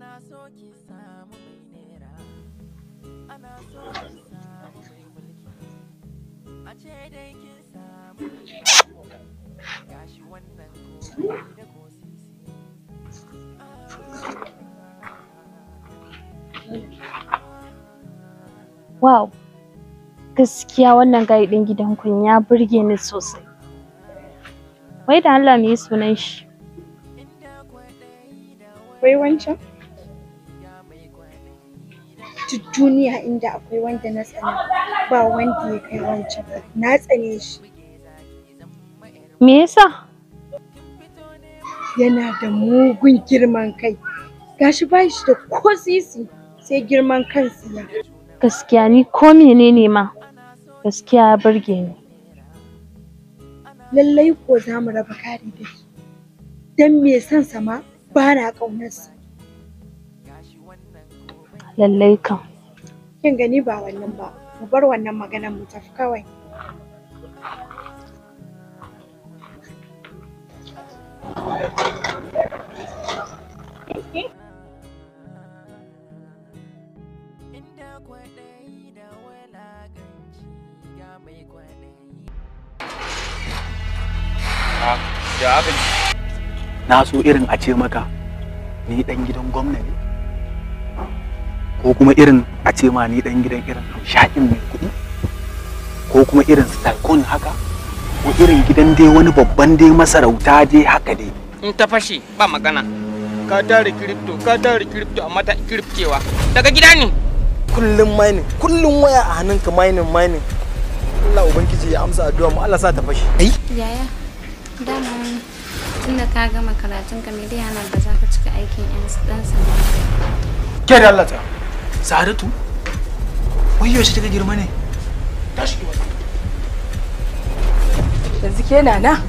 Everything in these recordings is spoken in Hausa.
ana so ki samu mai nera ana so ki samu mai mulki a ce dai kin Wow, gaskiya wannan gaidin gidankun ya burge ni sosai. Wai da Allah me sunan shi? Wai wancan? duk duniya inda akwai wanda na tsana ba wanda ya kai wancan na tsane shi me yasa yana da mugun girman kai gashi ba shi da ko sai girman kansu ya gaskiya ni ko menene ma gaskiya ya burge ni lallai ko za mu raba kari da shi don me son sama ba na ƙaunarsa Lallai kam. Kin gani ba wannan ba, mu bar wannan maganar mu tafi kawai. Ah, Na so irin a ce maka ni dan gidan gwamna ne. ko kuma irin a ce ma ni dan gidan irin shaƙin mai kuɗi ko kuma irin stalkon haka ko irin gidan dai wani babban dai masarauta dai haka dai in ta fashe ba magana ka tare kiripto ka tare kiripto amma ta kiripcewa daga gida ne kullum mining kullum waya a hannunka mining mining Allah ubangiji ya amsa addu'a mu Allah sa ta fashe eh yaya dama tunda ka gama karatun ka me dai yana da zaka cika aikin ɗan dan sanda ke da Allah ta Saratu Wai yaushe girma ne? Tashi ki Yanzu ke nana,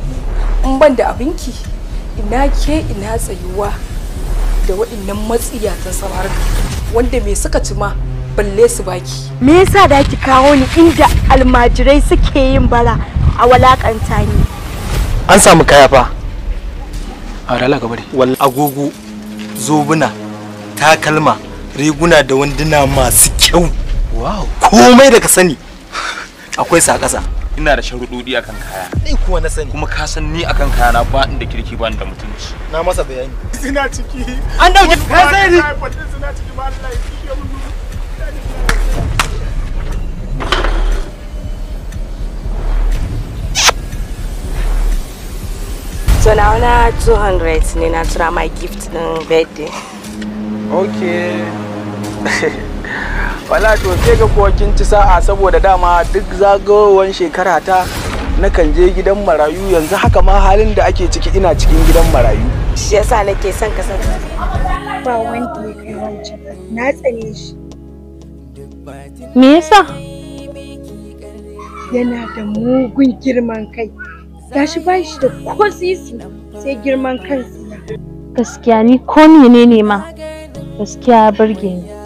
in ban da abinki, ina ke ina tsayuwa da waɗannan matsiyatan samarka wanda me suka ci ma balle su baki. Me yasa da ki kawo ni inda almajirai suke yin bara a walakanta ni? An samu kaya fa. A rala Agogo, zobuna, takalma, riguna da wanduna masu kyau wow komai da ka sani akwai sa kasa ina da sharuɗoɗi akan kaya ni kuwa na sani kuma ka san ni akan kaya na ba inda kirki ba inda mutunci na masa bayani suna ciki an dauke ka sani suna ciki ba Allah ya So now na 200 ne na tura my gift din birthday. ok wala to sai ga kuwa kin ci sa'a saboda dama duk zagawowar shekara ta kan je gidan marayu yanzu haka ma halin da ake ciki ina cikin gidan marayu shi yasa nake son ka san ba wanda ya kai wancan na tsane shi me yasa yana da mugun girman kai ba shi da ko sai girman kansa gaskiya ni ko ne ma gaskiya ya burge ni